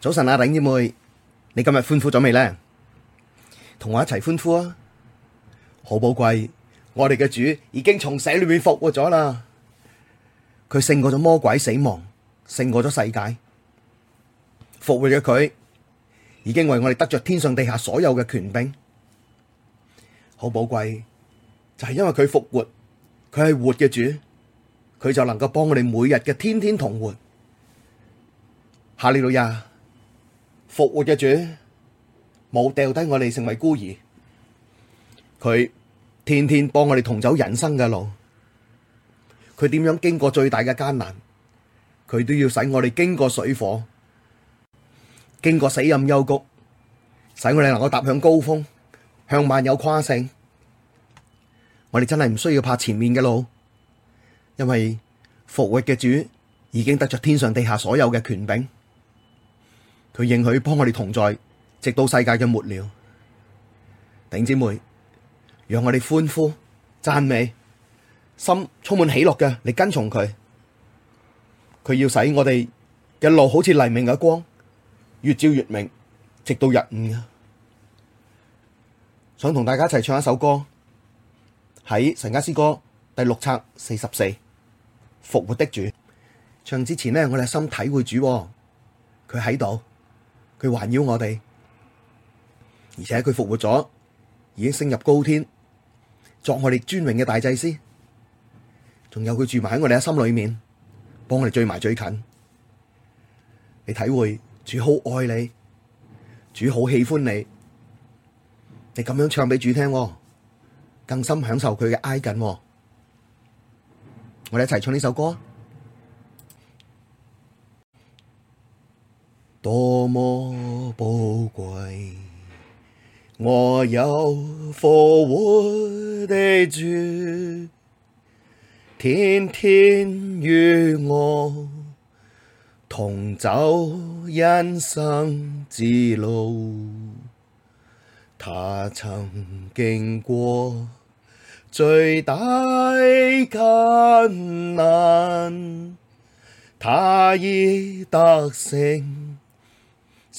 早晨啊，頂姨妹，你今日歡呼咗未咧？同我一齊歡呼啊！好寶貴，我哋嘅主已經從死裏面復活咗啦。佢勝過咗魔鬼死亡，勝過咗世界。復活咗佢已經為我哋得着天上地下所有嘅權柄。好寶貴，就係因為佢復活，佢係活嘅主，佢就能夠幫我哋每日嘅天天同活。哈利路亞。復活嘅主冇掉低我哋成為孤兒，佢天天幫我哋同走人生嘅路，佢點樣經過最大嘅艱難，佢都要使我哋經過水火，經過死蔭幽谷，使我哋能夠踏向高峰，向萬有誇勝。我哋真係唔需要怕前面嘅路，因為復活嘅主已經得着天上地下所有嘅權柄。佢應許幫我哋同在，直到世界嘅末了。頂姊妹，讓我哋歡呼讚美，心充滿喜樂嘅，你跟從佢。佢要使我哋嘅路好似黎明嘅光，越照越明，直到日午啊！想同大家一齊唱一首歌，喺《神家詩歌》第六冊四十四復活的主。唱之前呢，我哋心體會主，佢喺度。佢環繞我哋，而且佢復活咗，已經升入高天，作我哋尊榮嘅大祭司。仲有佢住埋喺我哋嘅心裏面，幫我哋追埋最近。你體會主好愛你，主好喜歡你，你咁樣唱俾主聽，更深享受佢嘅挨緊。我哋一齊唱呢首歌。多麼寶貴，我有復活的主，天天與我同走人生之路。他曾經過最大艱難，他已得勝。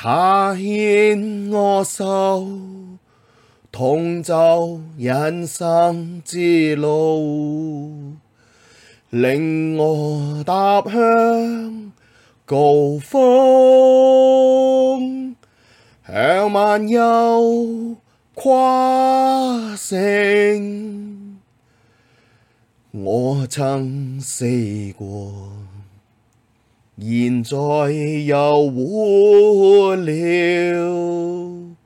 他牽我手，同走人生之路，領我踏向高峰，向萬有誇勝。我曾死過，現在又活了，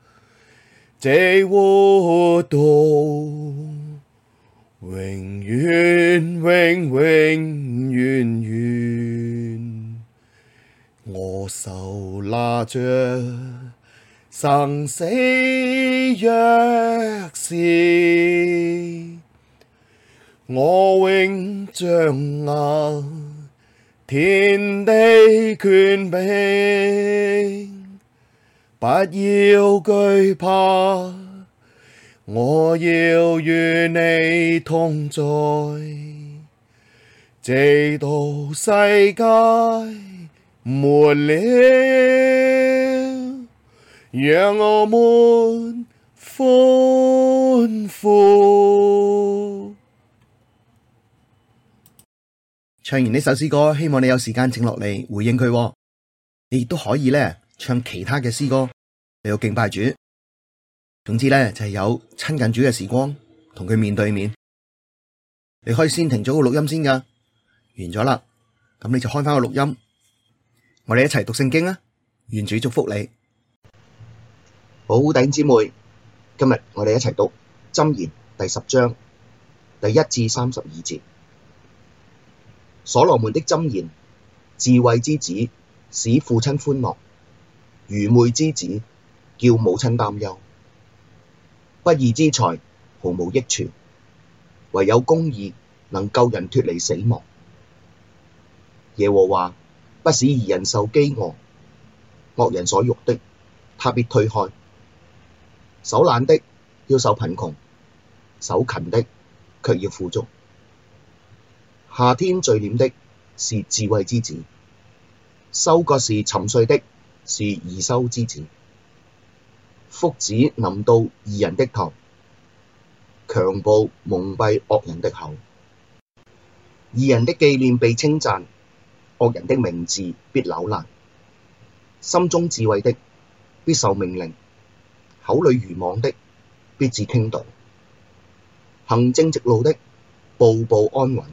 直活到永遠，永遠永遠，永遠我手拿着生死鑰匙，我永掌握。天地權柄，不要懼怕，我要與你同在，直到世界末了，讓我們歡呼。唱完呢首詩歌，希望你有時間靜落嚟回應佢。你亦都可以咧唱其他嘅詩歌嚟到敬拜主。總之咧就係有親近主嘅時光，同佢面對面。你可以先停咗個錄音先噶，完咗啦，咁你就開翻個錄音。我哋一齊讀聖經啊，願主祝福你。寶鼎姊妹，今日我哋一齊讀箴言第十章第一至三十二節。所羅門的箴言：智慧之子使父親歡樂，愚昧之子叫母親擔憂。不義之財毫無益處，唯有公義能救人脫離死亡。耶和華不使義人受飢餓，惡人所欲的，他必推開。手懶的，要受貧窮，手勤的，卻要富足。夏天聚斂的是智慧之子，收割時沉睡的是貽羞之子。福祉臨到義人的頭，強暴蒙蔽惡人的口。義人的紀念被稱讚，惡人的名字必朽爛。心中智慧的必受命令，口裡愚妄的必致傾倒。行正直路的步步安穩。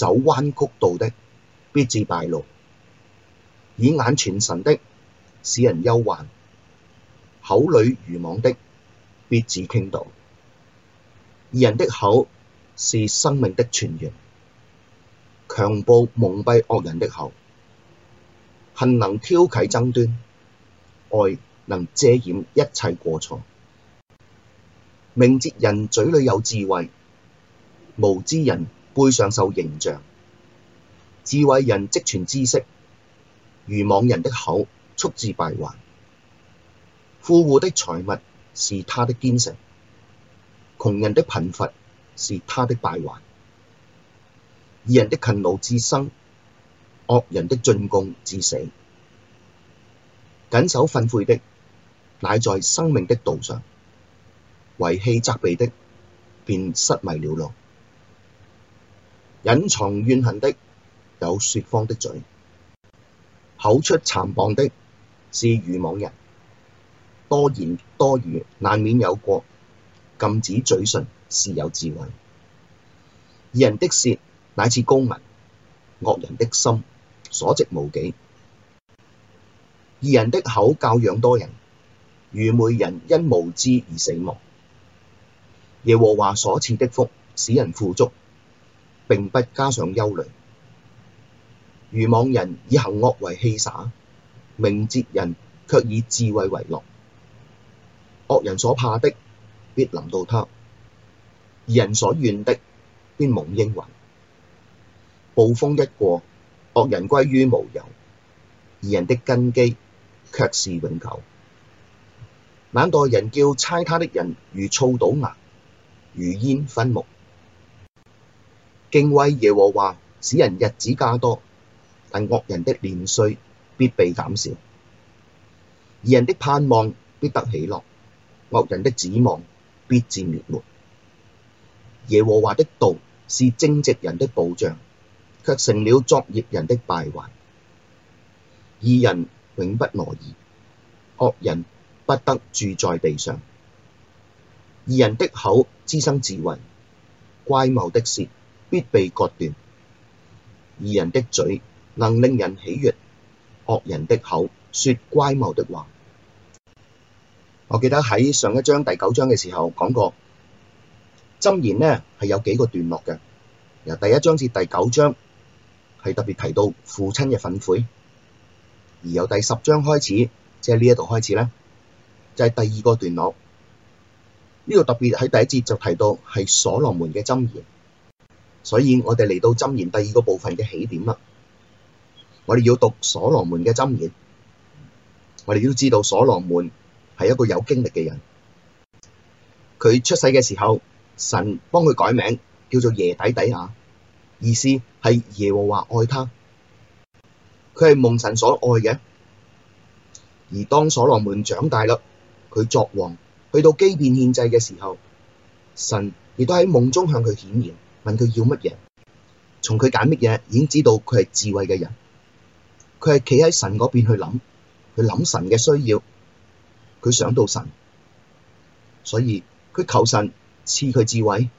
走彎曲道的，必致敗露；以眼傳神的，使人憂患；口裡愚妄的，必致傾倒。義人的口是生命的泉源，強暴蒙蔽惡人的口，恨能挑起爭端；愛能遮掩一切過錯。明哲人嘴裡有智慧，無知人。背上受刑杖，智慧人積存知識，愚妄人的口，速致敗壞；富戶的財物是他的堅城，窮人的貧乏是他的敗壞。義人的勤勞致生，惡人的進項致死。謹守訓誨的，乃在生命的道上；違棄責備的，便失迷了路。隱藏怨恨的，有說謊的嘴，口出讒謗的，是愚妄人，多言多語難免有過，禁止嘴唇是有智慧。義人的舌乃似高銀，惡人的心所值無幾。義人的口教養多人，愚昧人因無知而死亡。耶和華所賜的福使人富足，並不加上憂慮，愚妄人以行惡為戲耍，明哲人卻以智慧為樂。惡人所怕的，必臨到他；義人所願的，必蒙應允。暴風一過，惡人歸於無有，義人的根基卻是永久。懶惰人叫差他的人如醋倒牙，如煙熏目。敬畏耶和華，使人日子加多；但惡人的年歲必被減少。義人的盼望必得喜樂，惡人的指望必致滅沒。耶和華的道是正直人的保障，卻成了作孽人的敗壞。義人永不挪移，惡人不得住在地上。義人的口滋生智慧，乖謬的舌，必被割斷。義人的嘴能令人喜悅，惡人的口說乖謬的話。我記得喺上一章第九章嘅時候講過，箴言呢係有幾個段落嘅，由第一章至第九章係特別提到父親嘅訓誨，而由第十章開始，即係呢一度開始咧，就係、是、第二個段落。呢、這個特別喺第一節就提到係所羅門嘅箴言。所以我哋嚟到箴言第二個部分嘅起點啦。我哋要讀所羅門嘅箴言。我哋要知道所羅門係一個有經歷嘅人。佢出世嘅時候，神幫佢改名叫做「耶底底亞」，意思係耶和華愛他，佢係蒙神所愛嘅。而當所羅門長大啦，佢作王，去到基遍獻祭嘅時候，神亦都喺夢中向佢顯現。問佢要乜嘢？從佢揀乜嘢已經知道佢係智慧嘅人。佢係企喺神嗰邊去諗，去諗神嘅需要。佢想到神，所以佢求神賜佢智慧。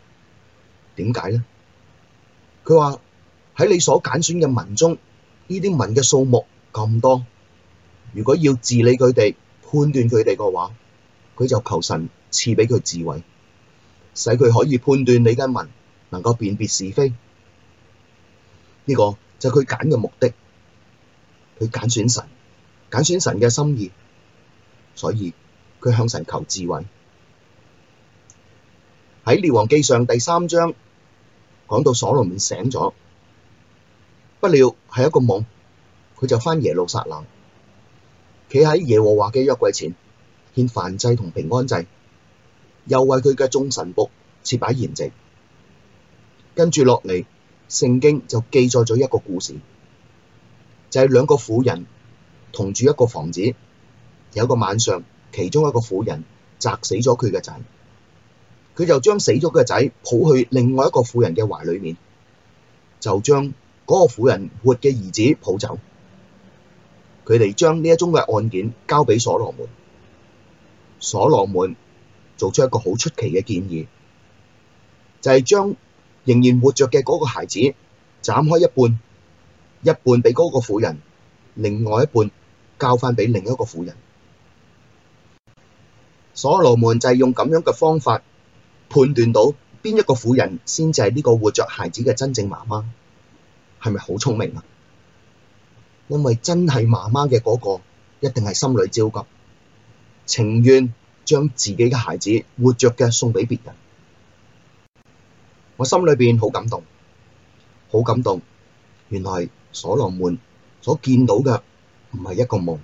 點解咧？佢話喺你所揀選嘅文中，呢啲文嘅數目咁多，如果要治理佢哋，判斷佢哋嘅話，佢就求神賜俾佢智慧，使佢可以判斷你嘅文。能夠辨別是非，呢、這個就係佢揀嘅目的，佢揀選神，揀選神嘅心意，所以佢向神求智慧。喺《列王記》上第三章講到所羅門醒咗，不料係一個夢，佢就返耶路撒冷，企喺耶和華嘅約櫃前獻燔祭同平安祭，又為佢嘅眾臣僕設擺筵席。跟住落嚟，聖經就記載咗一個故事，就係、是、兩個婦人同住一個房子。有一個晚上，其中一個婦人砸死咗佢嘅仔，佢就將死咗嘅仔抱去另外一個婦人嘅懷裡面，就將嗰個婦人活嘅兒子抱走。佢哋將呢一宗嘅案件交俾所羅門，所羅門做出一個好出奇嘅建議，就係將仍然活着嘅嗰個孩子，斬開一半，一半畀嗰個婦人，另外一半交翻畀另一個婦人。所羅門就係用咁樣嘅方法判斷到邊一個婦人先至係呢個活着孩子嘅真正媽媽，係咪好聰明啊？因為真係媽媽嘅嗰個一定係心裏焦急，情願將自己嘅孩子活着嘅送畀別人。我心裏邊好感動，好感動。原來所羅門所見到嘅唔係一個夢，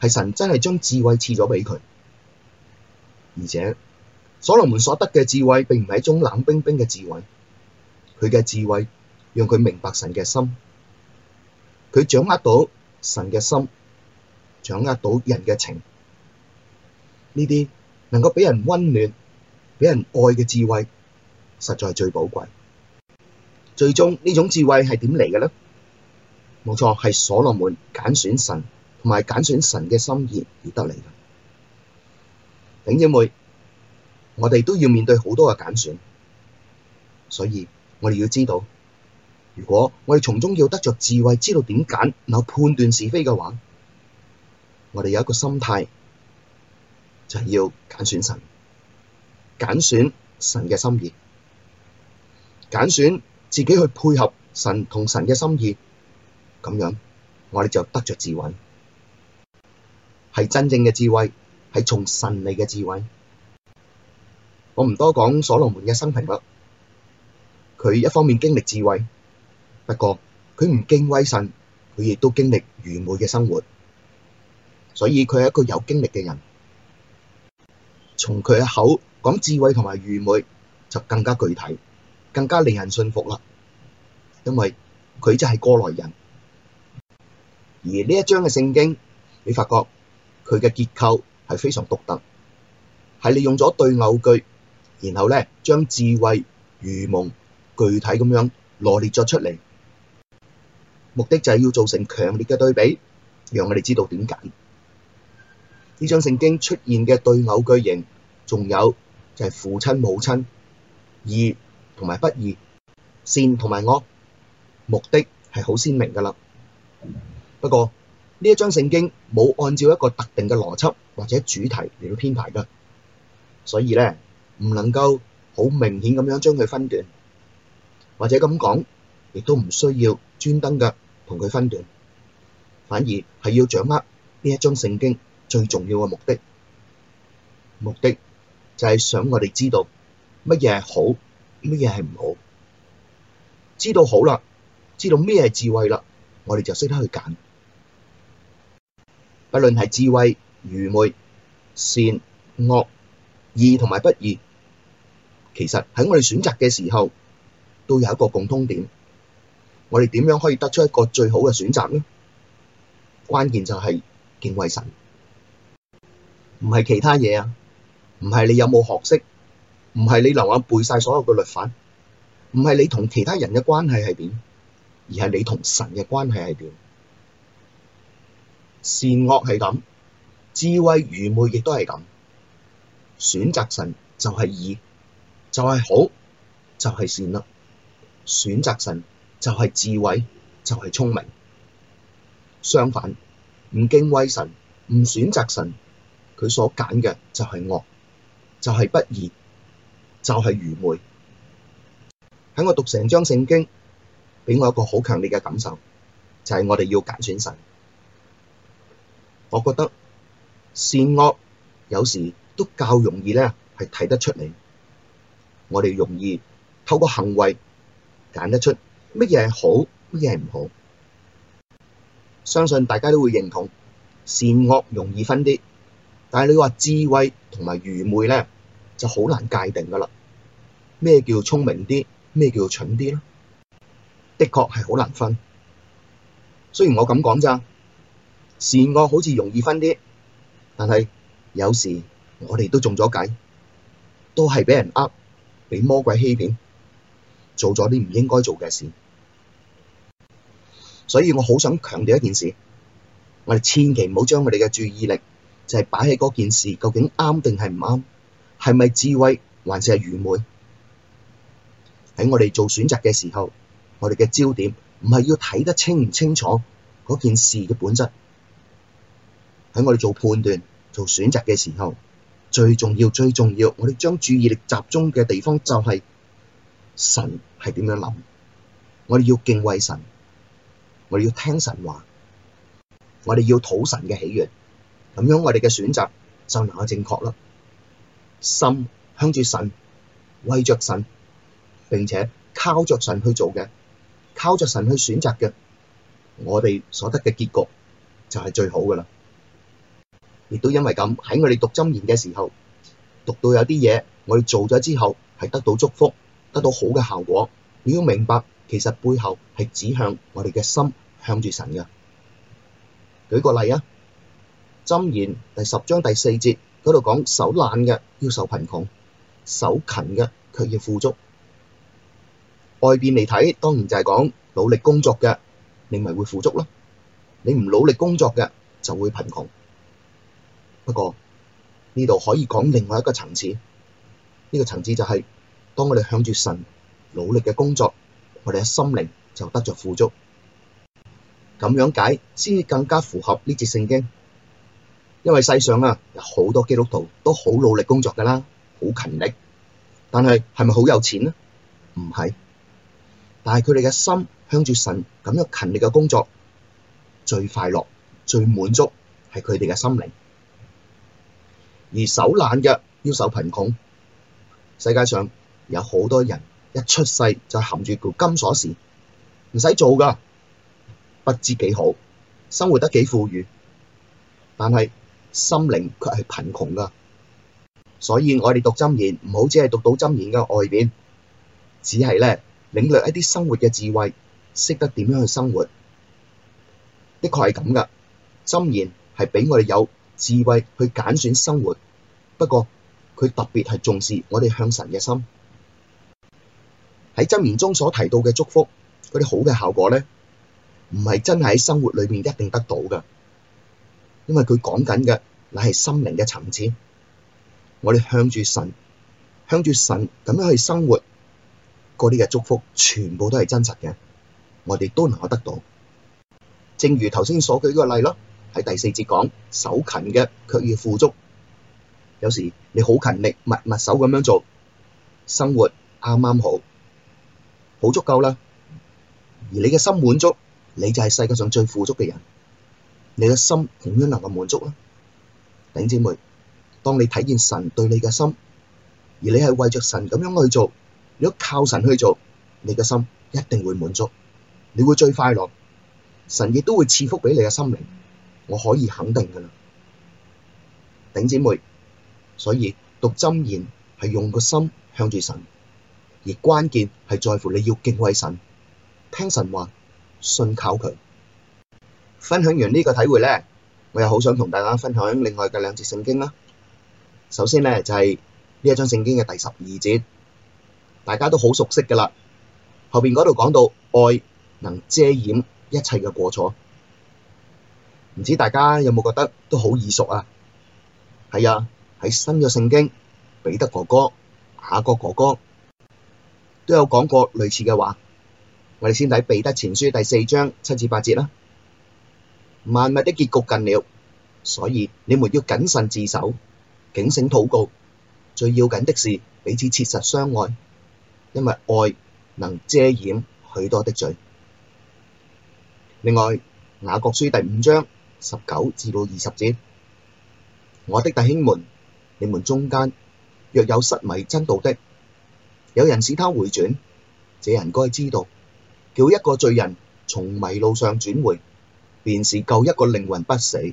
係神真係將智慧賜咗畀佢。而且所羅門所得嘅智慧，並唔係一種冷冰冰嘅智慧。佢嘅智慧讓佢明白神嘅心，佢掌握到神嘅心，掌握到人嘅情。呢啲能夠畀人溫暖、畀人愛嘅智慧。實在係最寶貴。最終呢種智慧係點嚟嘅咧？冇錯，係所羅門揀選神同埋揀選神嘅心意而得嚟嘅。頂姐妹，我哋都要面對好多嘅揀選，所以我哋要知道，如果我哋從中要得着智慧，知道點揀，然後判斷是非嘅話，我哋有一個心態就係、是、要揀選神，揀選神嘅心意。揀選自己去配合神同神嘅心意，咁樣我哋就得着智慧，係真正嘅智慧，係從神嚟嘅智慧。我唔多講所羅門嘅生平啦，佢一方面經歷智慧，不過佢唔敬畏神，佢亦都經歷愚昧嘅生活，所以佢係一個有經歷嘅人。從佢嘅口講智慧同埋愚昧，就更加具體。更加令人信服啦，因為佢真係過來人，而呢一章嘅聖經，你發覺佢嘅結構係非常獨特，係利用咗對偶句，然後咧將智慧愚蒙具體咁樣羅列咗出嚟，目的就係要造成強烈嘅對比，讓我哋知道點解。呢章聖經出現嘅對偶句型，仲有就係父親母親。而。同埋不義善同埋惡，目的係好鮮明㗎啦。不過呢一章聖經冇按照一個特定嘅邏輯或者主題嚟到編排㗎，所以咧唔能夠好明顯咁樣將佢分段，或者咁講，亦都唔需要專登嘅同佢分段，反而係要掌握呢一章聖經最重要嘅目的。目的就係想我哋知道乜嘢係好。咩嘢係唔好？知道好啦，知道咩係智慧啦，我哋就識得去揀。不論係智慧、愚昧、善、惡、義同埋不義，其實喺我哋選擇嘅時候，都有一個共通點。我哋點樣可以得出一個最好嘅選擇呢？關鍵就係敬畏神，唔係其他嘢啊，唔係你有冇學識。唔係你留眼背晒所有嘅律法，唔係你同其他人嘅關係係點，而係你同神嘅關係係點。善惡係咁，智慧愚昧亦都係咁。選擇神就係義，就係好，就係善啦。選擇神就係智慧，就係聰明。相反，唔敬畏神，唔選擇神，佢所揀嘅就係惡，就係不義。就係愚昧。喺我讀成章聖經，畀我一個好強烈嘅感受，就係、是、我哋要揀選神。我覺得善惡有時都較容易咧，係睇得出嚟。我哋容易透過行為揀得出乜嘢係好，乜嘢係唔好。相信大家都會認同善惡容易分啲，但係你話智慧同埋愚昧咧？就好難界定噶啦，咩叫聰明啲，咩叫蠢啲呢？的確係好難分。雖然我咁講咋，善惡好似容易分啲，但係有時我哋都中咗計，都係俾人呃，俾魔鬼欺騙，做咗啲唔應該做嘅事。所以我好想強調一件事，我哋千祈唔好將我哋嘅注意力就係擺喺嗰件事究竟啱定係唔啱。係咪智慧，還是係愚昧？喺我哋做選擇嘅時候，我哋嘅焦點唔係要睇得清唔清楚嗰件事嘅本質。喺我哋做判斷、做選擇嘅時候，最重要、最重要，我哋將注意力集中嘅地方就係、是、神係點樣諗。我哋要敬畏神，我哋要聽神話，我哋要討神嘅喜悦，咁樣我哋嘅選擇就能夠正確啦。心向住神，為着神，並且靠著神去做嘅，靠著神去選擇嘅，我哋所得嘅結局就係最好嘅啦。亦都因為咁，喺我哋讀箴言嘅時候，讀到有啲嘢，我哋做咗之後係得到祝福，得到好嘅效果。你要明白，其實背後係指向我哋嘅心向住神嘅。舉個例啊，箴言第十章第四節。嗰度講手懶嘅要受貧窮，手勤嘅卻要富足。外邊嚟睇當然就係講努力工作嘅，你咪會富足咯。你唔努力工作嘅就會貧窮。不過呢度可以講另外一個層次，呢個層次就係當我哋向住神努力嘅工作，我哋嘅心靈就得着富足。咁樣解先至更加符合呢節聖經。因為世上啊，有好多基督徒都好努力工作噶啦，好勤力，但係係咪好有錢咧？唔係，但係佢哋嘅心向住神咁樣勤力嘅工作最快樂、最滿足，係佢哋嘅心靈。而手懶嘅要受貧窮。世界上有好多人一出世就含住條金鎖匙，唔使做噶，不知幾好，生活得幾富裕，但係，心靈卻係貧窮噶，所以我哋讀箴言唔好只係讀到箴言嘅外邊，只係咧領略一啲生活嘅智慧，識得點樣去生活。的確係咁噶，箴言係俾我哋有智慧去揀選生活。不過佢特別係重視我哋向神嘅心。喺箴言中所提到嘅祝福，嗰啲好嘅效果咧，唔係真係喺生活裏邊一定得到噶。因為佢講緊嘅乃係心靈嘅層次，我哋向住神，向住神咁樣去生活，嗰啲嘅祝福全部都係真實嘅，我哋都能夠得到。正如頭先所舉嗰個例咯，喺第四節講，手勤嘅卻要富足。有時你好勤力，密密手咁樣做，生活啱啱好，好足夠啦。而你嘅心滿足，你就係世界上最富足嘅人。你嘅心點樣能夠滿足呢，頂姐妹，當你睇見神對你嘅心，而你係為着神咁樣去做，如果靠神去做，你嘅心一定會滿足，你會最快樂，神亦都會賜福俾你嘅心靈，我可以肯定噶啦，頂姐妹，所以讀箴言係用個心向住神，而關鍵係在乎你要敬畏神，聽神話，信靠佢。分享完呢個體會呢，我又好想同大家分享另外嘅兩節聖經啦。首先呢，就係呢一章聖經嘅第十二節，大家都好熟悉㗎喇。後面嗰度講到愛能遮掩一切嘅過錯，唔知大家有冇覺得都好耳熟啊？係啊，喺新約聖經，彼得哥哥、雅各哥哥都有講過類似嘅話。我哋先睇彼得前書第四章七至八節啦。萬物的結局近了，所以你們要謹慎自守，警醒禱告。最要緊的是彼此切實相愛，因為愛能遮掩許多的罪。另外，雅各書第五章十九至到二十節：我的弟兄們，你們中間若有失迷真道的，有人使他回轉，這人該知道，叫一個罪人從迷路上轉回。便是救一個靈魂不死，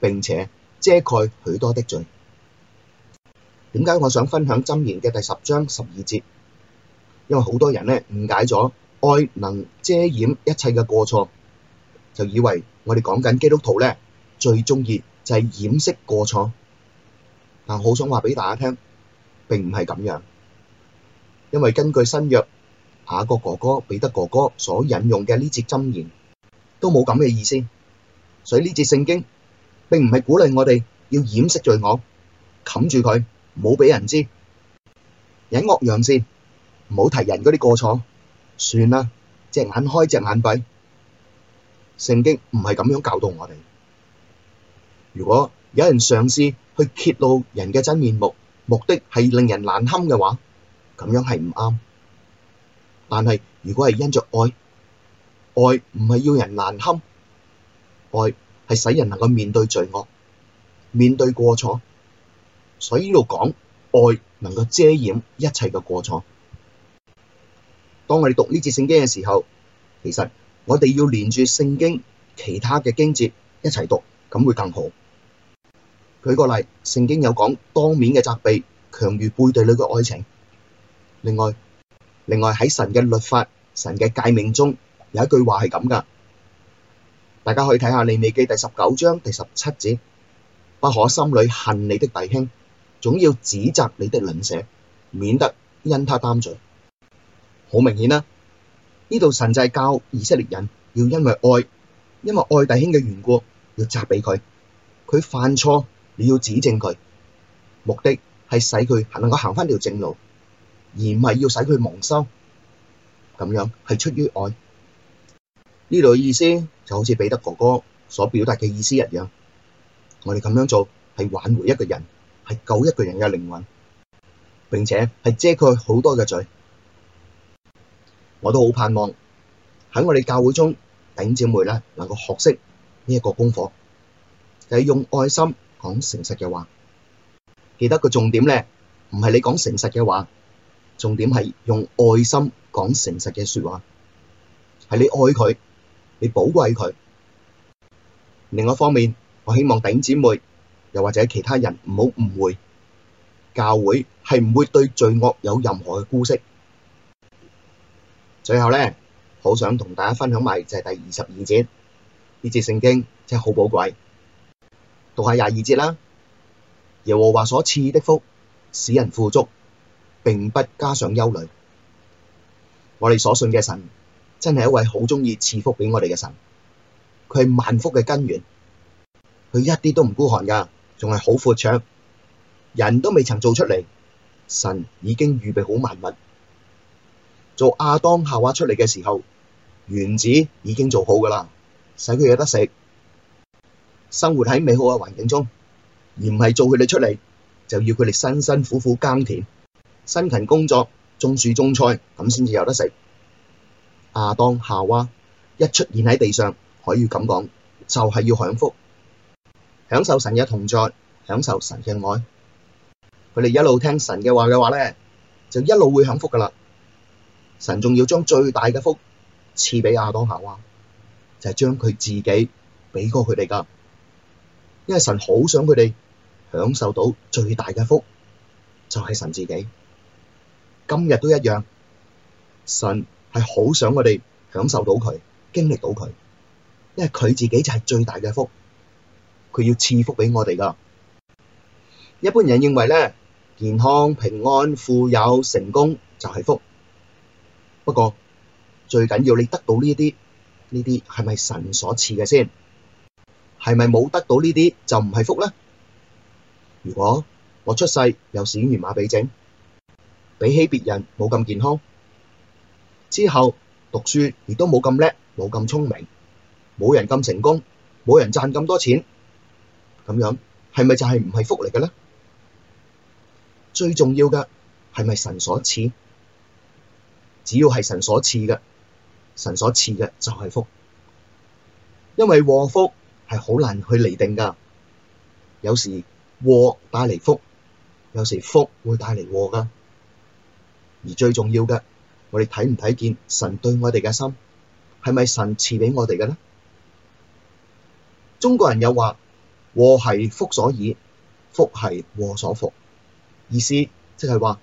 並且遮蓋許多的罪。點解我想分享箴言嘅第十章十二節？因為好多人呢誤解咗愛能遮掩一切嘅過錯，就以為我哋講緊基督徒呢，最鍾意就係掩飾過錯。但好想話畀大家聽，並唔係咁樣。因為根據新約雅各哥哥彼得哥哥所引用嘅呢節箴言。都冇咁嘅意思，所以呢節聖經並唔係鼓勵我哋要掩飾罪惡，冚住佢，冇俾人知，隱惡揚善，唔好提人嗰啲過錯。算啦，隻眼開隻眼閉。聖經唔係咁樣教導我哋。如果有人嘗試去揭露人嘅真面目，目的係令人難堪嘅話，咁樣係唔啱。但係如果係因着愛，.愛唔係要人難堪，愛係使人能夠面對罪惡，面對過錯。所以呢度講，愛能夠遮掩一切嘅過錯。當我哋讀呢節聖經嘅時候，其實，我哋要連住聖經，其他嘅經節，一齊讀，咁會更好。舉個例，聖經有講，當面嘅責備強於背對你嘅愛情。另外，另外，在神嘅律法，神嘅誡命中，有一句話係咁噶，大家可以睇下《利未記》第十九章第十七節：不可心裏恨你的弟兄，總要指責你的鄰舍，免得因他擔罪。好明顯啦，呢度神在教以色列人要因為愛，因為愛弟兄嘅緣故，要責備佢。佢犯錯，你要指正佢，目的係使佢能夠行翻條正路，而唔係要使佢蒙羞。咁樣係出於愛。呢度嘅意思就好似彼得哥哥所表達嘅意思一樣，我哋咁樣做係挽回一個人，係救一個人嘅靈魂，並且係遮蓋好多嘅罪。我都好盼望喺我哋教會中弟兄姐妹咧，能夠學識呢一個功課，就係用愛心講誠實嘅話。記得個重點咧，唔係你講誠實嘅話，重點係用愛心講誠實嘅說話，係你愛佢。你寶貴佢。另外一方面，我希望頂姊妹又或者其他人唔好誤會，教會係唔會對罪惡有任何嘅姑息。最後咧，好想同大家分享埋就係第二十二節，呢節聖經真係好寶貴。讀下廿二節啦。耶和華所賜的福，使人富足，並不加上憂慮。我哋所信嘅神。真係一位好鍾意賜福俾我哋嘅神，佢係萬福嘅根源，佢一啲都唔孤寒噶，仲係好闊綽，人都未曾做出嚟，神已經預備好萬物，做亞當夏娃出嚟嘅時候，原子已經做好噶啦，使佢有得食，生活喺美好嘅環境中，而唔係做佢哋出嚟就要佢哋辛辛苦苦耕田，辛勤工作，種樹種菜咁先至有得食。亞當夏娃一出現喺地上，可以咁講，就係要享福，享受神嘅同在，享受神嘅愛。佢哋一路聽神嘅話嘅話咧，就一路會享福噶啦。神仲要將最大嘅福賜俾亞當夏娃，就係將佢自己俾過佢哋噶。因為神好想佢哋享受到最大嘅福，就係神自己。今日都一樣，神。係好想我哋享受到佢，經歷到佢，因為佢自己就係最大嘅福，佢要賜福俾我哋噶。一般人認為咧，健康、平安、富有、成功就係福。不過最緊要你得到呢啲，呢啲係咪神所賜嘅先？係咪冇得到呢啲就唔係福咧？如果我出世又閃完馬鼻症，比起別人冇咁健康。之後讀書亦都冇咁叻，冇咁聰明，冇人咁成功，冇人賺咁多錢，咁樣係咪就係唔係福嚟嘅咧？最重要嘅係咪神所賜？只要係神所賜嘅，神所賜嘅就係福，因為禍福係好難去釐定噶，有時禍帶嚟福，有時福會帶嚟禍噶，而最重要嘅。我哋睇唔睇見神對我哋嘅心係咪神賜畀我哋嘅咧？中國人又話禍係福所倚，福係禍所伏，意思即係話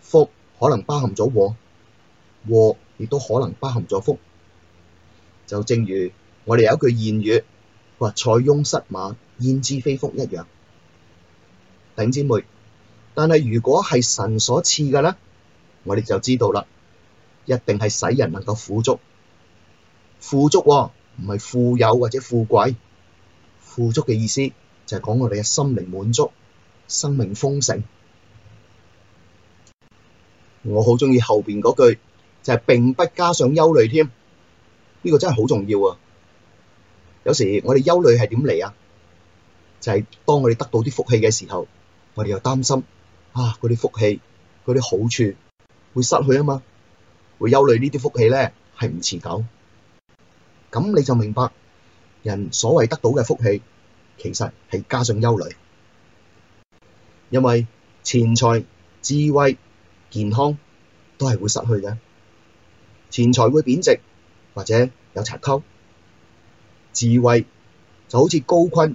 福可能包含咗禍，禍亦都可能包含咗福。就正如我哋有一句諺語話：塞翁失馬，焉知非福一樣。頂姐妹，但係如果係神所賜嘅咧，我哋就知道啦。一定係使人能夠富足，富足唔係富有或者富貴，富足嘅意思就係講我哋嘅心靈滿足、生命豐盛。我好鍾意後邊嗰句，就係並不加上憂慮添，呢個真係好重要啊！有時我哋憂慮係點嚟啊？就係當我哋得到啲福氣嘅時候，我哋又擔心啊，嗰啲福氣、嗰啲好處會失去啊嘛～會憂慮呢啲福氣咧，係唔持久，咁你就明白人所謂得到嘅福氣，其實係加上憂慮，因為錢財、智慧、健康都係會失去嘅，錢財會貶值或者有賊偷，智慧就好似高坤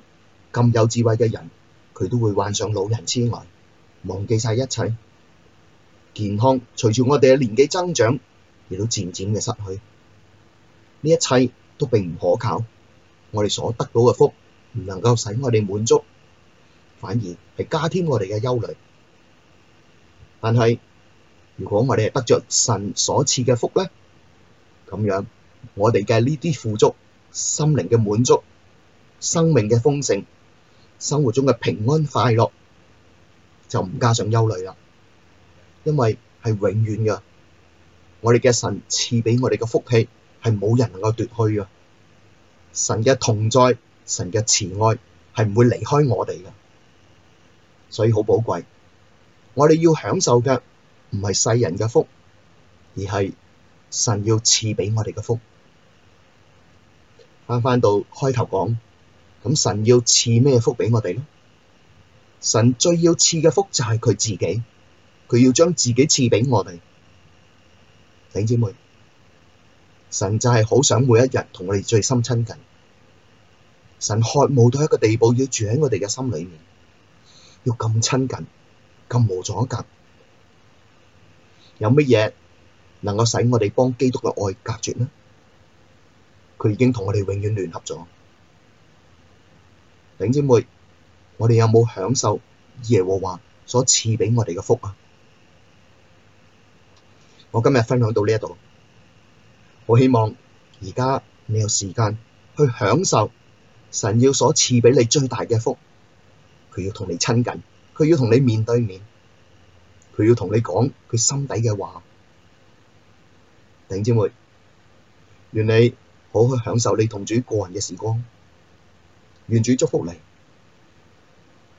咁有智慧嘅人，佢都會患上老人痴呆，忘記晒一切，健康隨住我哋嘅年紀增長。亦都漸漸嘅失去，呢一切都並唔可靠。我哋所得到嘅福唔能夠使我哋滿足，反而係加添我哋嘅憂慮。但係，如果我哋係得著神所賜嘅福咧，咁樣我哋嘅呢啲富足、心靈嘅滿足、生命嘅豐盛、生活中嘅平安快樂，就唔加上憂慮啦。因為係永遠嘅。我哋嘅神賜畀我哋嘅福氣係冇人能夠奪去嘅，神嘅同在，神嘅慈愛係唔會離開我哋嘅，所以好寶貴。我哋要享受嘅唔係世人嘅福，而係神要賜畀我哋嘅福。翻返到開頭講，咁神要賜咩福畀我哋咯？神最要賜嘅福就係佢自己，佢要將自己賜畀我哋。頂姊妹，神就係好想每一日同我哋最深親近，神渴慕到一個地步，要住喺我哋嘅心裏面，要咁親近、咁無阻隔。有乜嘢能夠使我哋幫基督嘅愛隔絕呢？佢已經同我哋永遠聯合咗。頂姊妹，我哋有冇享受耶和華所賜畀我哋嘅福啊？我今日分享到呢度，我希望而家你有時間去享受神要所賜畀你最大嘅福，佢要同你親近，佢要同你面對面，佢要同你講佢心底嘅話，弟兄姊妹，願你好去享受你同主個人嘅時光，願主祝福你。